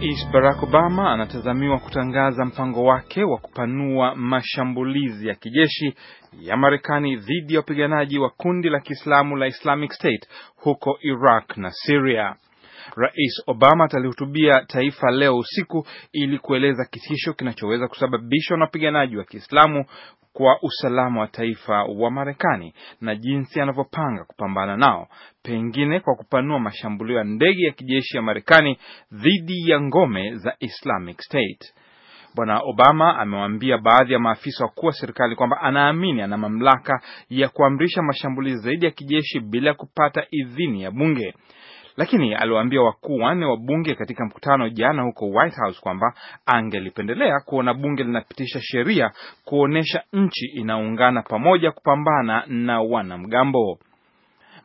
Rais Barack Obama anatazamiwa kutangaza mpango wake wa kupanua mashambulizi ya kijeshi ya Marekani dhidi ya wapiganaji wa kundi la Kiislamu la Islamic State huko Iraq na Syria. Rais Obama atalihutubia taifa leo usiku ili kueleza kitisho kinachoweza kusababishwa na wapiganaji wa Kiislamu kwa usalama wa taifa wa Marekani na jinsi anavyopanga kupambana nao, pengine kwa kupanua mashambulio ya ndege ya kijeshi ya Marekani dhidi ya ngome za Islamic State. Bwana Obama amewaambia baadhi ya maafisa wakuu wa serikali kwamba anaamini ana mamlaka ya kuamrisha mashambulizi zaidi ya kijeshi bila kupata idhini ya bunge lakini aliwaambia wakuu wanne wa bunge katika mkutano jana huko White House kwamba angelipendelea kuona bunge linapitisha sheria kuonyesha nchi inaungana pamoja kupambana na wanamgambo.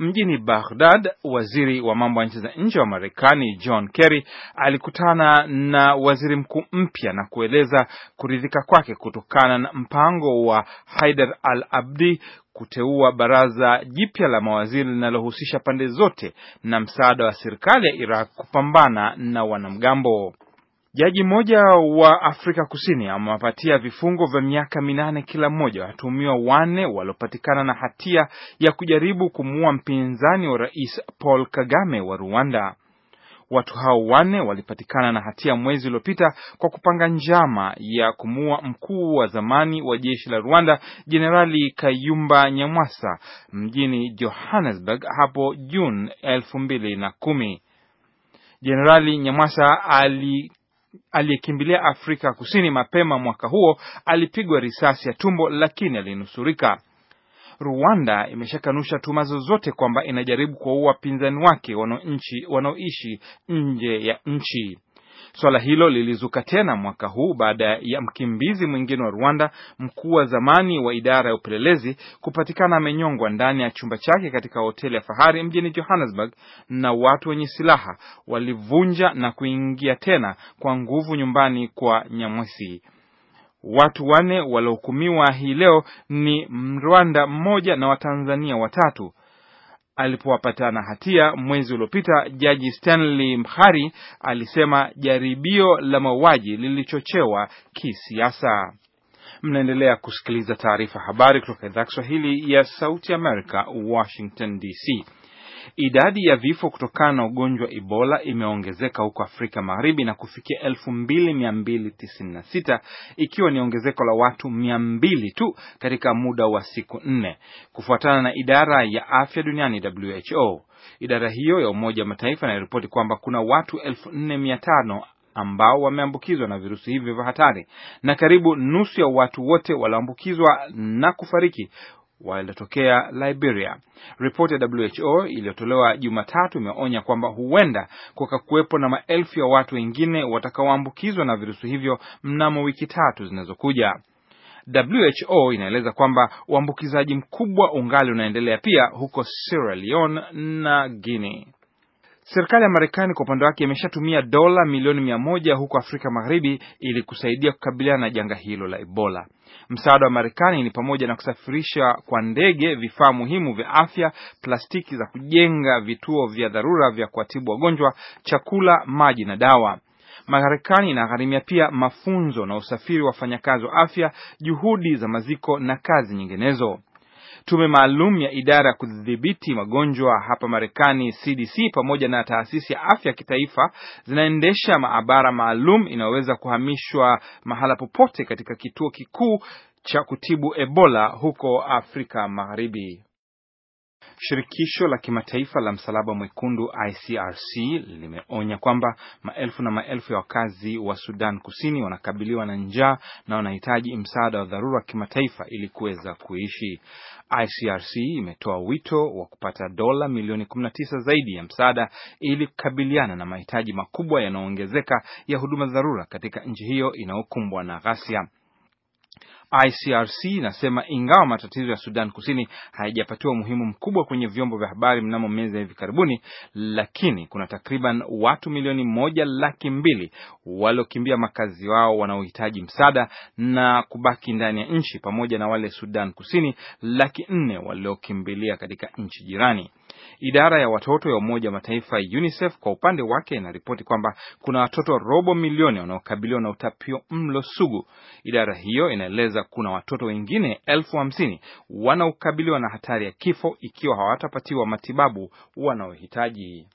Mjini Baghdad, waziri wa mambo ya nchi za nje wa Marekani John Kerry alikutana na waziri mkuu mpya na kueleza kuridhika kwake kutokana na mpango wa Haidar al-Abdi kuteua baraza jipya la mawaziri linalohusisha pande zote na msaada wa serikali ya Iraq kupambana na wanamgambo. Jaji mmoja wa Afrika Kusini amewapatia vifungo vya miaka minane kila mmoja watuhumiwa wanne waliopatikana na hatia ya kujaribu kumuua mpinzani wa rais Paul Kagame wa Rwanda. Watu hao wanne walipatikana na hatia mwezi uliopita kwa kupanga njama ya kumuua mkuu wa zamani wa jeshi la Rwanda Jenerali Kayumba Nyamwasa mjini Johannesburg hapo Juni elfu mbili na kumi. Jenerali Nyamwasa ali aliyekimbilia Afrika Kusini mapema mwaka huo alipigwa risasi ya tumbo lakini alinusurika. Rwanda imeshakanusha tuhuma zozote kwamba inajaribu kuwaua wapinzani wake wanaoishi nje ya nchi. Swala hilo lilizuka tena mwaka huu baada ya mkimbizi mwingine wa Rwanda, mkuu wa zamani wa idara ya upelelezi, kupatikana amenyongwa ndani ya chumba chake katika hoteli ya fahari mjini Johannesburg, na watu wenye silaha walivunja na kuingia tena kwa nguvu nyumbani kwa nyamwesi Watu wanne waliohukumiwa hii leo ni Mrwanda mmoja na Watanzania watatu alipowapatana hatia mwezi uliopita, jaji Stanley Mhari alisema jaribio la mauaji lilichochewa kisiasa. Mnaendelea kusikiliza taarifa habari kutoka idhaa Kiswahili ya Sauti Amerika, Washington DC. Idadi ya vifo kutokana na ugonjwa Ebola imeongezeka huko Afrika Magharibi na kufikia 2296 ikiwa ni ongezeko la watu 200 tu katika muda wa siku nne, kufuatana na idara ya afya duniani WHO. Idara hiyo ya Umoja wa Mataifa inaripoti kwamba kuna watu 4500 ambao wameambukizwa na virusi hivyo vya hatari na karibu nusu ya watu wote walioambukizwa na kufariki walitokea Liberia. Ripoti ya WHO iliyotolewa Jumatatu imeonya kwamba huenda kukakuwepo na maelfu ya watu wengine watakaoambukizwa na virusi hivyo mnamo wiki tatu zinazokuja. WHO inaeleza kwamba uambukizaji mkubwa ungali unaendelea pia huko Sierra Leone na Guinea. Serikali ya Marekani kwa upande wake imeshatumia dola milioni mia moja huko Afrika Magharibi ili kusaidia kukabiliana na janga hilo la Ebola. Msaada wa Marekani ni pamoja na kusafirisha kwa ndege vifaa muhimu vya afya, plastiki za kujenga vituo vya dharura vya kuwatibu wagonjwa, chakula, maji na dawa. Marekani inagharimia pia mafunzo na usafiri wa wafanyakazi wa afya, juhudi za maziko na kazi nyinginezo. Tume maalum ya idara ya kudhibiti magonjwa hapa Marekani, CDC, pamoja na taasisi ya afya ya kitaifa zinaendesha maabara maalum inayoweza kuhamishwa mahala popote katika kituo kikuu cha kutibu Ebola huko Afrika Magharibi. Shirikisho la kimataifa la Msalaba Mwekundu ICRC limeonya kwamba maelfu na maelfu ya wakazi wa Sudan Kusini wanakabiliwa na njaa na wanahitaji msaada wa dharura wa kimataifa ili kuweza kuishi. ICRC imetoa wito wa kupata dola milioni 19 zaidi ya msaada ili kukabiliana na mahitaji makubwa yanayoongezeka ya huduma dharura katika nchi hiyo inayokumbwa na ghasia. ICRC inasema ingawa matatizo ya Sudan Kusini hayajapatiwa umuhimu mkubwa kwenye vyombo vya habari mnamo miezi ya hivi karibuni, lakini kuna takriban watu milioni moja laki mbili waliokimbia makazi wao wanaohitaji msaada na kubaki ndani ya nchi, pamoja na wale Sudan Kusini laki nne waliokimbilia katika nchi jirani. Idara ya watoto ya Umoja wa Mataifa UNICEF kwa upande wake inaripoti kwamba kuna watoto robo milioni wanaokabiliwa na utapio mlo sugu. Idara hiyo inaeleza kuna watoto wengine elfu hamsini wanaokabiliwa na hatari ya kifo ikiwa hawatapatiwa matibabu wanaohitaji.